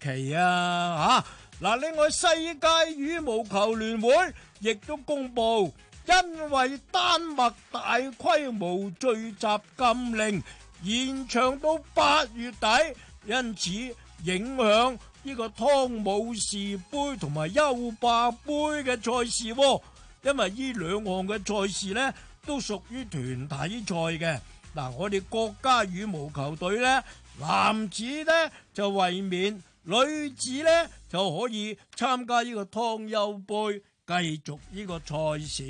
期啊吓嗱、啊，另外世界羽毛球聯會亦都公布，因為丹麥大規模聚集禁令延長到八月底，因此影響呢個湯姆士杯同埋優霸杯嘅賽事、啊，因為呢兩項嘅賽事呢都屬於團體賽嘅，嗱，我哋國家羽毛球隊呢，男子呢就衛冕。女子呢就可以參加呢個湯尤杯，繼續呢個賽事。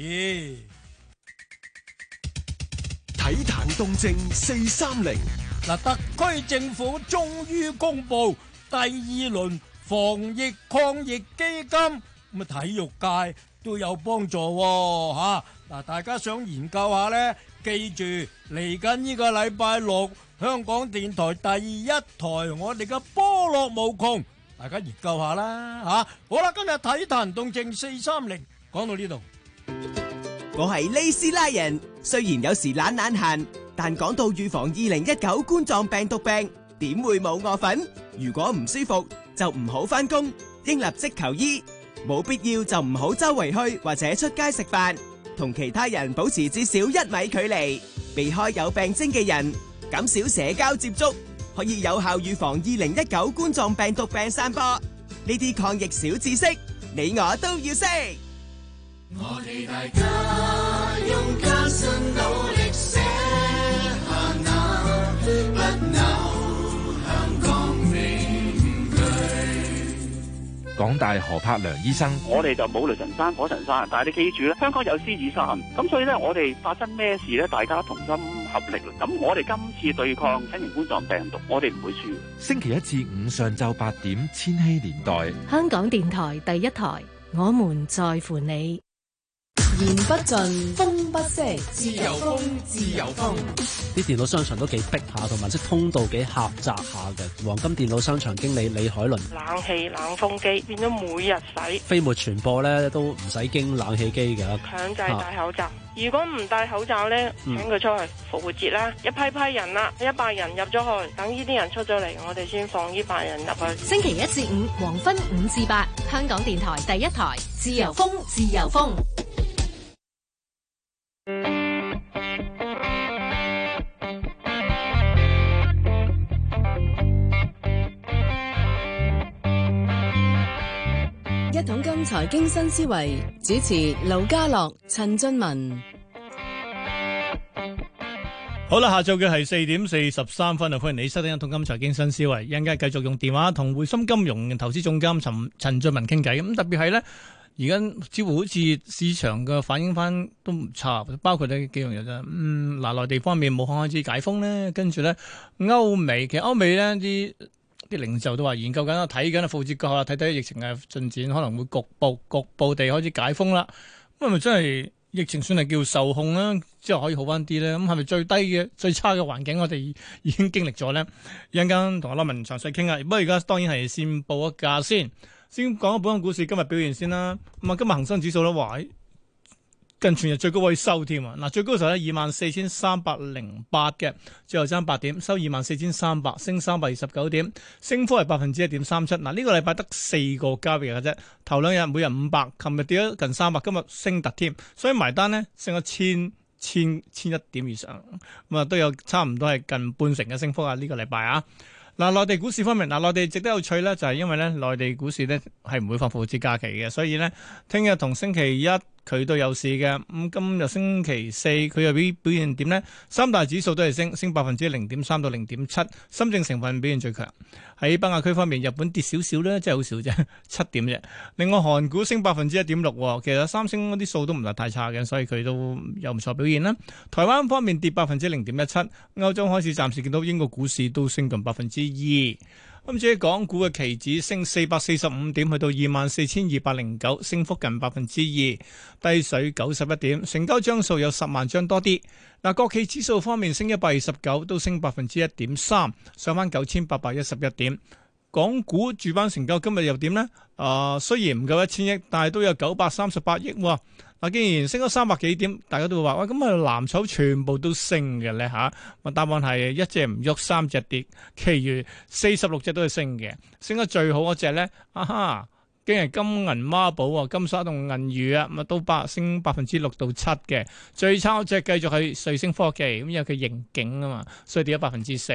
體壇動靜四三零，嗱，特區政府終於公布第二輪防疫抗疫基金，咁啊，體育界都有幫助喎，嚇！嗱，大家想研究下呢？記住嚟緊呢個禮拜六。香港電台第一台，我哋嘅波落無窮，大家研究下啦吓。好啦，今日體壇動靜四三零，講到呢度。我係利斯拉人，雖然有時懶懶閒，但講到預防二零一九冠狀病毒病，點會冇我份？如果唔舒服就唔好翻工，應立即求醫。冇必要就唔好周圍去或者出街食飯，同其他人保持至少一米距離，避開有病徵嘅人。減少社交接觸，可以有效預防二零一九冠狀病毒病散播。呢啲抗疫小知識，你我都要識。我哋大家用艱辛努力寫下那不朽香港名句。港大何柏良醫生，我哋就冇雷神山、火神山，但係你記住咧，香港有獅子山，咁所以咧，我哋發生咩事咧，大家同心，合力啦！咁我哋今次對抗新型冠狀病毒，我哋唔會輸。星期一至五上晝八點，千禧年代，香港電台第一台，我們在乎你。言不盡，風不息，自由風，自由風。啲電腦商場都幾逼下，同埋啲通道幾狹窄下嘅。黃金電腦商場經理李海倫，冷氣冷風機變咗每日洗。飛沫傳播咧都唔使經冷氣機㗎。強制戴口罩，啊、如果唔戴口罩咧，嗯、請佢出去。復活節啦，一批一批人啦、啊，一百人入咗去，等呢啲人出咗嚟，我哋先放呢百人入去。星期一至五黃昏五至八，香港電台第一台，自由風，自由風。財經新思維主持劉家樂、陳俊文，好啦，下晝嘅係四點四十三分啊！歡迎你收聽《一桶金之財經新思維》，一陣間繼續用電話同匯深金融投資總監陳俊文傾偈。咁特別係呢，而家似乎好似市場嘅反應翻都唔差，包括呢幾樣嘢啫。嗯，嗱，內地方面武漢開始解封呢？跟住呢，歐美其實歐美呢。啲。啲領袖都話研究緊啊，睇緊啊，副治局啊，睇睇疫情嘅進展，可能會局部、局部地開始解封啦。咁係咪真係疫情算係叫受控啦？之後可以好翻啲咧？咁係咪最低嘅、最差嘅環境我哋已經經歷咗咧？一陣間同阿羅文詳細傾下。不過而家當然係先報一價先，先講下本港股市今日表現先啦。咁啊，今日恒生指數都壞近全日最高位收添啊！嗱，最高嘅時候咧，二萬四千三百零八嘅，最後爭八點，收二萬四千三百，升三百二十九點，升幅係百分之一點三七。嗱，呢個禮拜得四個交易日嘅啫，頭兩日每日五百，琴日跌咗近三百，今日升突添，所以埋單呢，升咗千千千一點以上，咁啊都有差唔多係近半成嘅升幅，這個、啊！呢個禮拜啊，嗱，內地股市方面，嗱，內地值得有趣咧，就係因為咧內地股市咧係唔會放復活節假期嘅，所以呢，聽日同星期一。佢都有事嘅。咁今日星期四，佢又表表現點呢？三大指數都係升，升百分之零點三到零點七。深證成分表現最強。喺北亞區方面，日本跌少少啦，真係好少啫，七點啫。另外，韓股升百分之一點六，其實三星嗰啲數都唔係太差嘅，所以佢都有唔錯表現啦。台灣方面跌百分之零點一七，歐洲開始暫時見到英國股市都升近百分之二。今次至於港股嘅期指升四百四十五點，去到二萬四千二百零九，升幅近百分之二，低水九十一點，成交張數有十萬張多啲。嗱，國企指數方面升一百二十九，都升百分之一點三，上翻九千八百一十一點。港股主板成交今日又點咧？啊、呃，雖然唔夠一千億，但係都有九百三十八億喎。嗱，既然升咗三百幾點，大家都會話喂，咁啊藍籌全部都升嘅咧吓。答案係一隻唔喐，三隻跌，其餘四十六隻都係升嘅。升得最好嗰隻咧，哈、啊、哈。今日金銀孖寶啊，金沙同銀魚啊，咁啊都升百分之六到七嘅最差。隻繼續係瑞聲科技咁，因為佢盈警啊嘛，所以跌咗百分之四。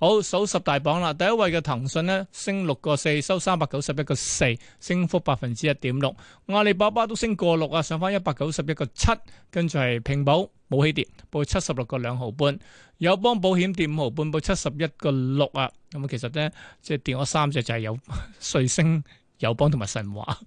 好，數十大榜啦，第一位嘅騰訊咧升六個四，收三百九十一個四，升幅百分之一點六。阿里巴巴都升過六啊，上返一百九十一個七，跟住係平保冇起跌，報七十六個兩毫半。友邦保險跌五毫半，報七十一個六啊。咁啊，其實咧即係跌咗三隻就係有瑞聲。友邦同埋神華，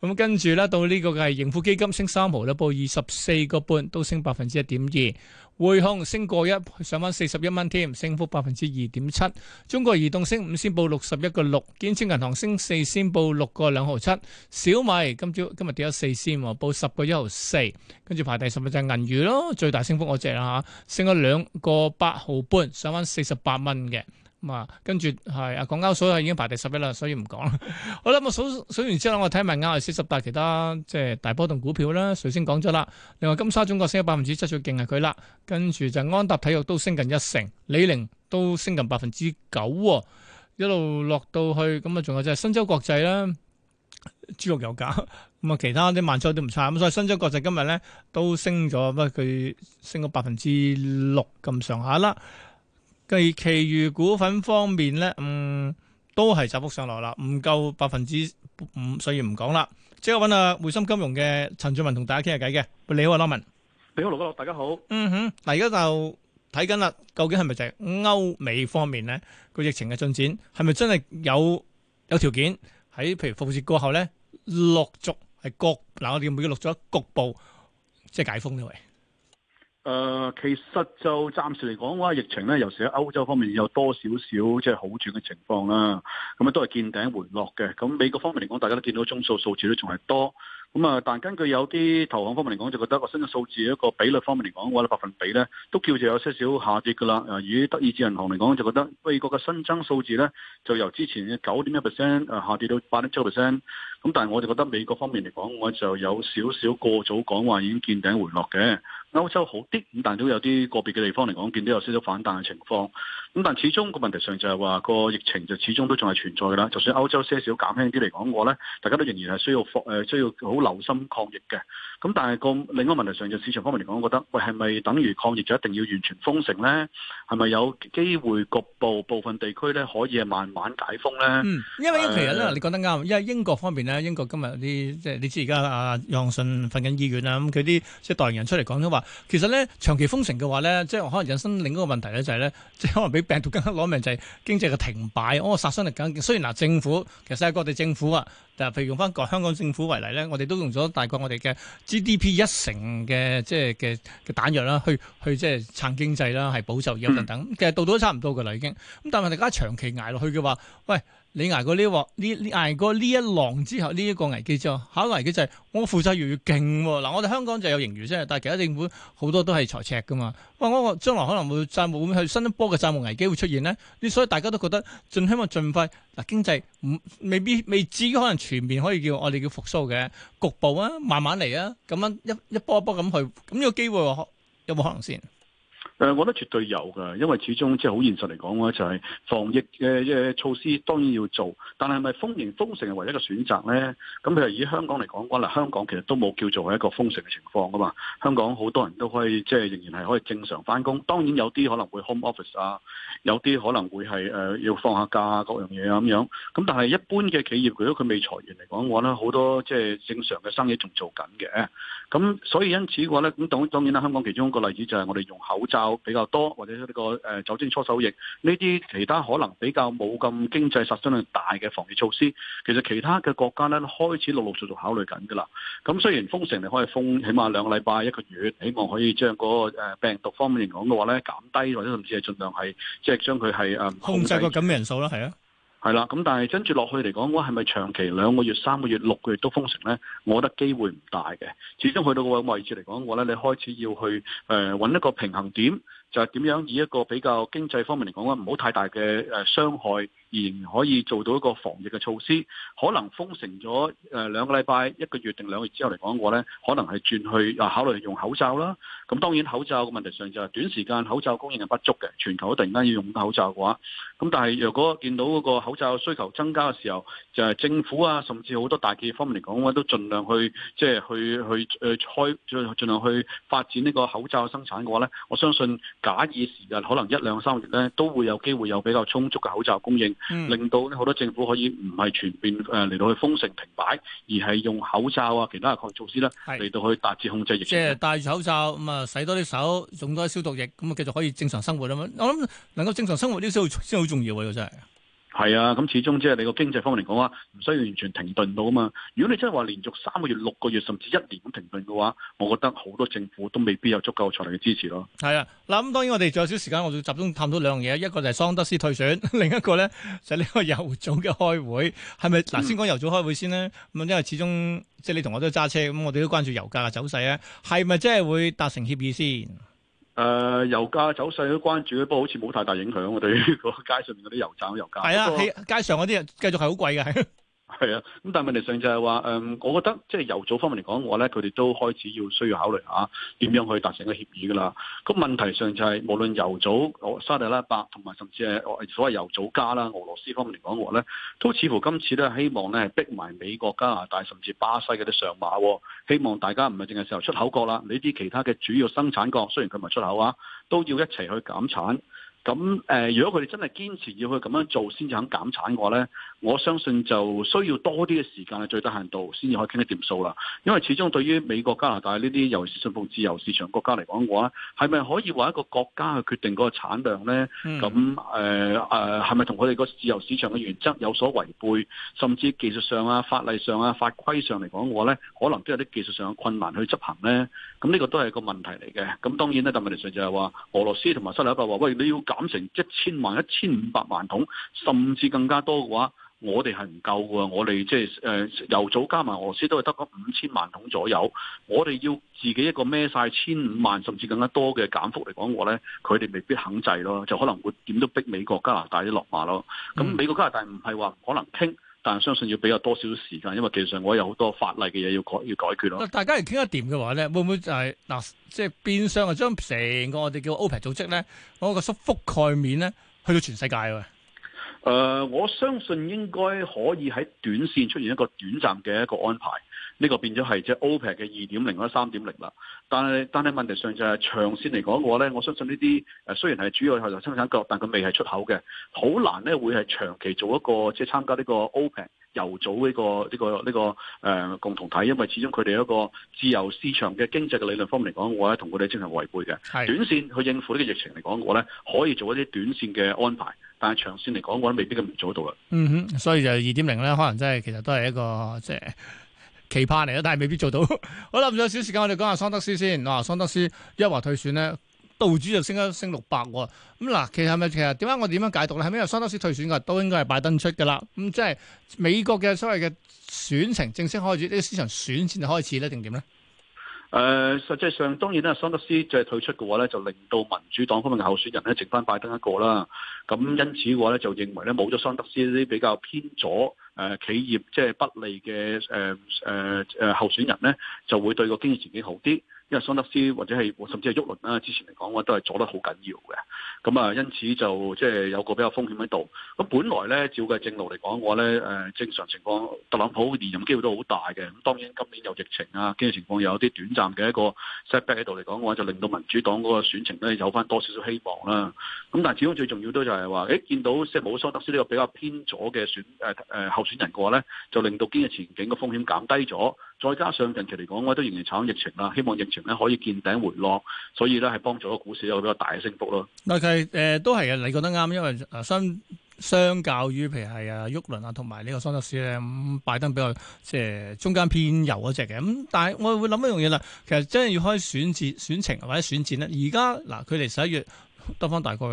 咁 跟住咧到呢個係、就係、盈富基金升三毫咧，報二十四個半，都升百分之一點二。匯控升過一，上翻四十一蚊添，升幅百分之二點七。中國移動升五先，報六十一個六，建設銀行升四先，報六個兩毫七。小米今朝今日跌咗四先，報十個一毫四，跟住排第十嘅就係銀娛咯，最大升幅我借啦吓，升咗兩個八毫半，上翻四十八蚊嘅。咁啊，跟住係啊，港交所係已經排第十一啦，所以唔講啦。好啦，我數數完之後，我睇埋啱係四十八，其他即係大波動股票啦。首先講咗啦，另外金沙中國升咗百分之七最勁係佢啦。跟住就安踏體育都升近一成，李寧都升近百分之九，一路落到去咁啊，仲有就係新洲國際啦，豬肉有價咁啊，其他啲萬洲都唔差咁，所以新洲國際今日咧都升咗，不過佢升咗百分之六咁上下啦。繼其餘股份方面咧，嗯，都係窄幅上落啦，唔夠百分之五，所以唔講啦。即刻揾阿匯金金融嘅陳俊文同大家傾下偈嘅。你好啊，Norman。你好，盧哥，大家好。嗯哼，嗱，而家就睇緊啦，究竟係咪就係歐美方面咧個疫情嘅進展，係咪真係有有條件喺譬如復市過後咧陸續係局部嗱我哋每個錄咗局部即係解封呢位。誒、呃，其實就暫時嚟講，嘅話疫情咧，尤其喺歐洲方面有多少少即係好轉嘅情況啦。咁啊，都係見頂回落嘅。咁美國方面嚟講，大家都見到中數數字都仲係多。咁啊，但根據有啲投行方面嚟講，就覺得個新嘅數字一個比率方面嚟講嘅話，百分比咧都叫做有些少下跌噶啦。誒，以德意志銀行嚟講，就覺得美國嘅新增數字咧就由之前嘅九點一 percent 誒下跌到八點七 percent。咁但係我哋覺得美國方面嚟講，我就有少少過早講話已經見頂回落嘅。歐洲好啲，咁但係都有啲個別嘅地方嚟講，見到有少少反彈嘅情況。咁但係始終個問題上就係話個疫情就始終都仲係存在㗎啦。就算歐洲些少，少減輕啲嚟講，我咧大家都仍然係需要放誒需要好留心抗疫嘅。咁但係個另一個問題上就市場方面嚟講，我覺得喂，係咪等於抗疫就一定要完全封城咧？係咪有機會局部部分地區咧可以係慢慢解封咧、嗯？因為其實咧，呃、你講得啱，因為英國方面咧，英國今日啲即係你知而家阿楊順瞓緊醫院啊，咁佢啲即係代言人出嚟講都話。其實咧長期封城嘅話咧，即係可能引申另一個問題咧，就係、是、咧，即係可能俾病毒更加攞命，就係、是、經濟嘅停擺，我個殺傷力更勁。雖然嗱，政府其實世界各地政府啊，但嗱，譬如用翻個香港政府為例咧，我哋都用咗大概我哋嘅 GDP 一成嘅即係嘅嘅彈藥啦，去去即係撐經濟啦，係保就業等等，嗯、其實到到都差唔多噶啦，已經。咁但係大家長期挨落去嘅話，喂。你捱過呢鑊，呢捱過呢一浪之後，呢、這、一個危機之後，下一個危機就係、是、我負債越嚟越勁喎、啊。嗱，我哋香港就有盈餘啫，但係其他政府好多都係財赤噶嘛。哇，我我將來可能會債務會係新一波嘅債務危機會出現咧。所以大家都覺得盡希望盡快嗱經濟唔未必未至於可能全面可以叫我哋叫復甦嘅局部啊，慢慢嚟啊，咁樣一一波一波咁去，咁呢個機會有冇可能先？誒，我覺得絕對有噶因為始終即係好現實嚟講咧，就係、是、防疫嘅嘅措施當然要做，但係咪封、封城封城係唯一嘅選擇咧？咁、嗯、譬如以香港嚟講嘅話，嗱，香港其實都冇叫做係一個封城嘅情況噶嘛。香港好多人都可以即係仍然係可以正常返工，當然有啲可能會 home office 啊，有啲可能會係誒、呃、要放下假啊，各樣嘢啊咁樣。咁但係一般嘅企業，如果佢未裁員嚟講嘅話咧，好多即係正常嘅生意仲做緊嘅。咁、嗯、所以因此嘅話咧，咁當當然啦，香港其中一個例子就係我哋用口罩。比較多或者呢、呢個誒、呃、酒精搓手液呢啲其他可能比較冇咁經濟實質量大嘅防疫措施，其實其他嘅國家咧開始陸陸續續考慮緊噶啦。咁雖然封城你可以封起碼兩個禮拜一個月，希望可以將嗰個病毒方面嚟講嘅話咧減低或者甚至係盡量係即係將佢係誒控制，控制個感染人數啦，係啊。係啦，咁但係跟住落去嚟講，我係咪長期兩個月、三個月、六個月都封城呢？我覺得機會唔大嘅，始終去到個位置嚟講，我呢，你開始要去誒揾、呃、一個平衡點，就係、是、點樣以一個比較經濟方面嚟講咧，唔好太大嘅誒傷害。而可以做到一個防疫嘅措施，可能封城咗誒兩個禮拜、一個月定兩個月之後嚟講嘅話咧，可能係轉去啊考慮用口罩啦。咁當然口罩嘅問題上就係短時間口罩供應係不足嘅，全球突然間要用口罩嘅話，咁但係若果見到嗰個口罩需求增加嘅時候，就係、是、政府啊，甚至好多大企業方面嚟講嘅話，都儘量去即係、就是、去去去開，盡量去發展呢個口罩生產嘅話咧，我相信假以時日，可能一兩三個月咧，都會有機會有比較充足嘅口罩供應。嗯、令到咧好多政府可以唔係全面誒嚟到去封城停擺，而係用口罩啊其他嘅抗措施咧嚟是到去達至控制疫情。即係戴住口罩，咁啊洗多啲手，用多啲消毒液，咁啊繼續可以正常生活啊嘛。我諗能夠正常生活呢啲先好，先好重要啊！真係。係啊，咁、嗯、始終即係你個經濟方面嚟講啊，唔需要完全停頓到啊嘛。如果你真係話連續三個月、六個月甚至一年咁停頓嘅話，我覺得好多政府都未必有足夠財力嘅支持咯。係啊，嗱，咁當然我哋仲有少少時間，我要集中探討兩樣嘢，一個就係桑德斯退選，另一個咧就係、是、呢個油組嘅開會，係咪？嗱、嗯，先講油組開會先啦。咁因為始終即係你同我都揸車，咁我哋都關注油價嘅走勢啊，係咪即係會達成協議先？誒、呃，油價走勢都關注，不過好似冇太大影響，我哋呢個街上面嗰啲油站嘅油價，係啊的，喺我街上嗰啲繼續係好貴嘅。係啊，咁但係問題上就係、是、話，嗯、呃，我覺得即係油組方面嚟講，我咧佢哋都開始要需要考慮下點樣去達成個協議噶啦。咁問題上就係、是、無論油組、沙特阿拉伯同埋甚至係所謂油組加啦，俄羅斯方面嚟講，我咧都似乎今次咧希望咧係逼埋美國、加拿大，甚至巴西嗰啲上馬，希望大家唔係淨係時候出口國啦，你啲其他嘅主要生產國，雖然佢唔係出口啊，都要一齊去減產。咁誒，如果佢哋真係堅持要去咁樣做，先至肯減產嘅話咧，我相信就需要多啲嘅時間係最低限度，先至可以傾得掂數啦。因為始終對於美國、加拿大呢啲尤其係信奉自由市場國家嚟講嘅話，係咪可以話一個國家去決定嗰個產量咧？咁誒誒，係咪同佢哋個自由市場嘅原則有所違背？甚至技術上啊、法例上啊、法規上嚟講嘅話咧，可能都有啲技術上嘅困難去執行咧。咁呢個都係個問題嚟嘅。咁當然咧，個問題上就係話，俄羅斯同埋西拉伯話，喂，你要減成一千萬、一千五百萬桶，甚至更加多嘅話，我哋係唔夠嘅。我哋即係誒，由早加埋俄斯都係得嗰五千萬桶左右。我哋要自己一個孭晒千五萬，甚至更加多嘅減幅嚟講嘅話咧，佢哋未必肯制咯，就可能會點都逼美國加拿大啲落馬咯。咁、嗯、美國加拿大唔係話可能傾。但相信要比較多少少時間，因為其實我有好多法例嘅嘢要改要解決咯。大家嚟傾得掂嘅話咧，會唔會就係、是、嗱，即、就、係、是、變相係將成個我哋叫 Open 組織咧嗰、那個覆覆蓋面咧，去到全世界喎？誒、呃，我相信應該可以喺短線出現一個短暫嘅一個安排，呢、這個變咗係即係 OPEC 嘅二點零或者三點零啦。但係但係問題上就係、是、長線嚟講嘅話咧，我相信呢啲誒雖然係主要係就生產國，但佢未係出口嘅，好難咧會係長期做一個即係參加呢個 OPEC 油組呢個呢、這個呢、這個誒、呃、共同體，因為始終佢哋一個自由市場嘅經濟嘅理論方面嚟講，我係同佢哋經常違背嘅。的短線去應付呢個疫情嚟講嘅話咧，可以做一啲短線嘅安排。但係長線嚟講，我都未必咁做到啦。嗯哼，所以就二點零咧，可能真、就、係、是、其實都係一個即係期盼嚟咯。但係未必做到。 好啦，仲有少時間，我哋講下桑德斯先。我、啊、桑德斯一話退選咧，道指就升一升六百、哦。咁、嗯、嗱，其實係咪其實點解我點樣解讀咧？係咪因為桑德斯退選嘅都應該係拜登出噶啦？咁即係美國嘅所謂嘅選情正式開始，呢個市場選戰就開始咧，定點咧？誒、呃，實際上當然咧，桑德斯就係退出嘅話咧，就令到民主黨方面嘅候選人咧剩翻拜登一個啦。咁因此嘅話咧，就認為咧冇咗桑德斯呢啲比較偏左誒、呃、企業即係不利嘅誒誒誒候選人咧，就會對個經濟前景好啲。因為桑德斯或者係甚至係沃倫啦，之前嚟講嘅話都係阻得好緊要嘅，咁啊，因此就即係、就是、有個比較風險喺度。咁本來咧，照計正路嚟講嘅話咧，誒正常情況，特朗普連任機會都好大嘅。咁當然今年有疫情啊，經濟情況有啲短暫嘅一個 setback 喺度嚟講嘅話，就令到民主黨嗰個選情咧有翻多少少希望啦。咁但係始終最重要都就係、是、話，誒、欸、見到即係冇桑德斯呢個比較偏左嘅選誒誒、呃呃、候選人嘅話咧，就令到經濟前景嘅風險減低咗。再加上近期嚟講，我都仍然炒緊疫情啦。希望疫情咧可以見頂回落，所以咧係幫助個股市有比較大嘅升幅咯。嗱，其實、呃、誒都係啊，你覺得啱，因為、啊、相相較於，譬如係啊沃倫啊同埋呢個桑德斯咧，咁、嗯、拜登比較即係、呃、中間偏右嗰隻嘅咁、嗯。但係我會諗一樣嘢啦，其實真係要開選戰選情或者選戰咧，而家嗱佢哋十一月得返大概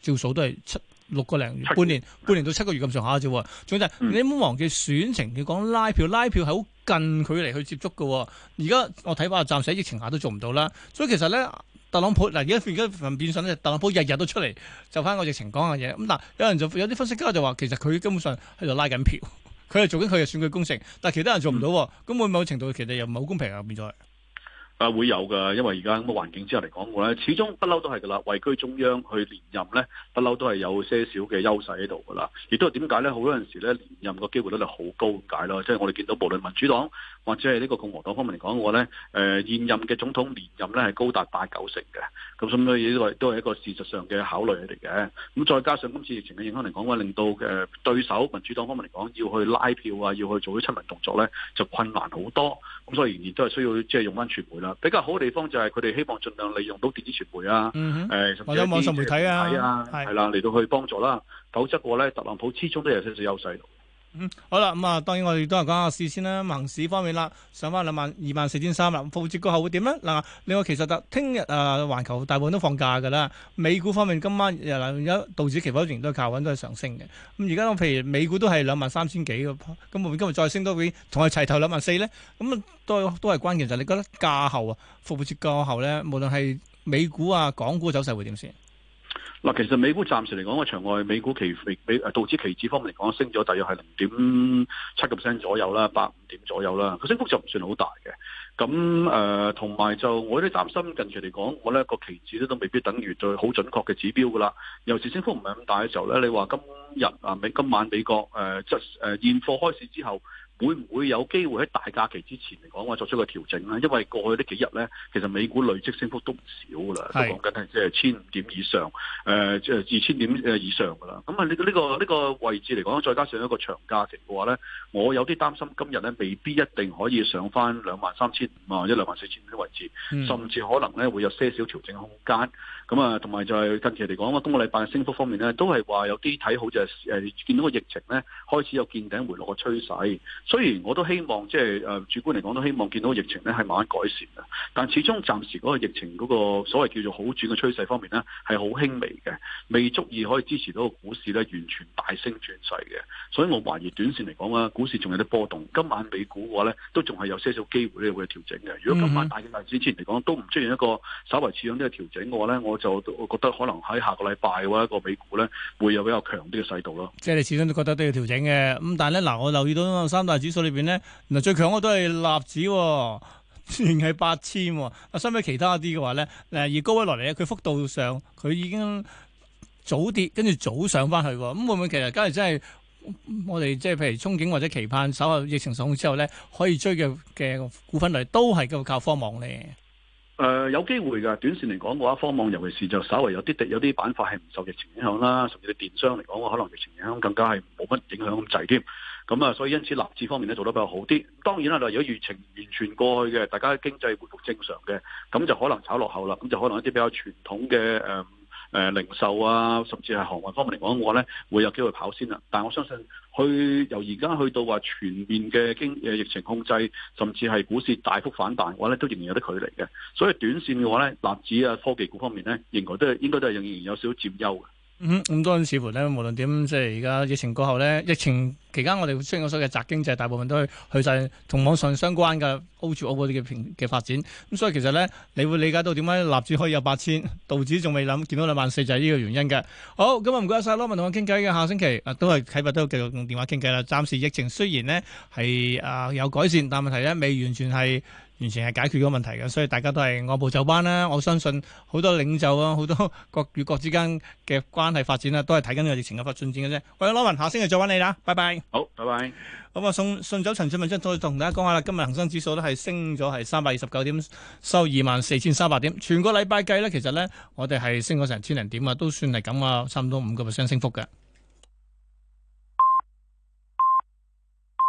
照數都係七。六個零半年，半年到七個月咁上下啫。總之，嗯、你唔好忘記選情，要講拉票，拉票係好近距離去接觸噶、哦。而家我睇法，暫時喺疫情下都做唔到啦。所以其實咧，特朗普嗱而家變而家變相咧，特朗普日日都出嚟就翻個疫情講嘅嘢。咁但有人就有啲分析家就話，其實佢根本上喺度拉緊票，佢 係做緊佢嘅選舉工程，但係其他人做唔到、哦，咁會、嗯、某程度其實又唔係好公平啊，變咗。啊，會有噶，因為而家咁嘅環境之下嚟講，我咧始終不嬲都係噶啦，位居中央去連任咧，不嬲都係有些少嘅優勢喺度噶啦。亦都係點解咧？好多陣時咧，連任個機會率係好高解咯。即係我哋見到，無論民主黨。或者係呢個共和黨方面嚟講，嘅話咧，誒現任嘅總統連任咧係高達八九成嘅，咁所以呢個都係一個事實上嘅考慮嚟嘅。咁再加上今次疫情嘅影響嚟講，話令到誒對手民主黨方面嚟講，要去拉票啊，要去做啲親民動作咧，就困難好多。咁、嗯、所以仍然都係需要即係、就是、用翻傳媒啦。比較好嘅地方就係佢哋希望盡量利用到電子傳媒啊，誒或者網上媒體啊，係啦嚟到去幫助啦。否則嘅話咧，特朗普始終都有少少優勢。嗯，好啦，咁啊，當然我哋都係講下市先啦，行市方面啦，上翻兩萬二萬四千三啦，復活節過後會點咧？嗱，另外其實就聽日啊，環球大部分都放假噶啦，美股方面今晚又嗱，而家道指期貨仍然都係靠穩，都係上升嘅。咁而家我譬如美股都係兩萬三千幾嘅，會唔會今日再升多幾，同佢齊頭兩萬四咧？咁都都係關鍵就係你覺得價後啊，復活節過後咧，無論係美股啊、港股走勢會點先？嗱，其實美股暫時嚟講，個場外美股期指、美誒道指期指方面嚟講，升咗大約係零點七個 percent 左右啦，八五點左右啦。佢升幅就唔算好大嘅。咁誒，同、呃、埋就我咧擔心，近期嚟講，我呢個期指咧都未必等於對好準確嘅指標噶啦。尤其升幅唔係咁大嘅時候呢，你話今日啊美今晚美國誒即誒現貨開市之後。會唔會有機會喺大假期之前嚟講，我作出個調整咧？因為過去幾呢幾日咧，其實美股累積升幅都唔少噶啦，是都講緊係即係千五點以上，誒即係二千點誒以上噶啦。咁啊、呢個，呢個呢個呢個位置嚟講，再加上一個長假期嘅話咧，我有啲擔心今日咧未必一定可以上翻兩萬三千五啊，一兩萬四千五啲位置，甚至可能咧會有些少調整空間。咁啊，同埋就係近期嚟講啊，今個禮拜升幅方面咧，都係話有啲睇好、就係，似係誒見到個疫情咧開始有見頂回落嘅趨勢。雖然我都希望，即係誒、呃、主觀嚟講都希望見到疫情咧係慢慢改善嘅，但始終暫時嗰個疫情嗰個所謂叫做好轉嘅趨勢方面咧係好輕微嘅，未足以可以支持到個股市咧完全大升轉勢嘅。所以我懷疑短線嚟講啊，股市仲有啲波動。今晚美股嘅話咧，都仲係有些少機會咧會調整嘅。如果今晚大嘅大子之前嚟講都唔出現一個稍微似樣呢個調整嘅話咧，我就我覺得可能喺下個禮拜嘅話，一個美股咧會有比較強啲嘅勢度咯。即係你始終都覺得都要調整嘅，咁但係咧嗱，我留意到三大。指數裏邊咧，嗱最強嘅都係納指，仍係八千。啊，相比其他啲嘅話咧，誒，而高位落嚟咧，佢幅度上佢已經早跌，跟住早上翻去，咁會唔會其實今日真係我哋即係譬如憧憬或者期盼，稍後疫情受控之後咧，可以追嘅嘅股份嚟，都係夠靠科網咧。誒、呃，有機會噶，短線嚟講嘅話，科網尤其是就稍微有啲跌，有啲板塊係唔受疫情影響啦，甚至電商嚟講，可能疫情影響更加係冇乜影響咁滯添。咁啊，所以因此納指方面咧做得比較好啲。當然啦，就如果疫情完全過去嘅，大家經濟回復正常嘅，咁就可能炒落後啦。咁就可能一啲比較傳統嘅誒誒零售啊，甚至係航運方面嚟講，我咧會有機會先跑先啊。但係我相信去，去由而家去到話全面嘅經誒疫情控制，甚至係股市大幅反彈嘅話咧，都仍然有得距離嘅。所以短線嘅話咧，納指啊科技股方面咧，仍然都係應該都係仍然有少少佔優嘅。嗯，咁、嗯、多因乎咧，無論點，即係而家疫情過後咧，疫情期間我哋出現咗所謂嘅宅經濟，大部分都去晒同網上相關嘅 O to O 嗰啲嘅平嘅發展，咁、嗯、所以其實咧你會理解到點解納指可以有八千，道指仲未諗，見到兩萬四就係呢個原因嘅。好，咁啊唔該晒，攞埋同我傾偈嘅下星期、啊、都係啟發都繼續用電話傾偈啦。暫時疫情雖然呢係啊有改善，但係問題咧未完全係。完全係解決個問題嘅，所以大家都係按部就班啦、啊。我相信好多領袖啊，好多國與國之間嘅關係發展啦、啊，都係睇緊個疫情嘅發展嘅啫。喂，羅文，下星期再揾你啦，拜拜。好，拜拜。咁啊，順順手陳俊文將再同大家講下啦。今日恒生指數都係升咗係三百二十九點，收二萬四千三百點。全個禮拜計咧，其實咧我哋係升咗成千零點啊，都算係咁啊，差唔多五個 percent 升幅嘅。